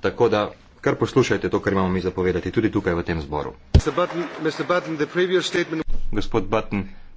Tako da kar poslušajte to, kar imamo mi zapovedati tudi tukaj v tem zboru. Button, Button, statement... Gospod Button,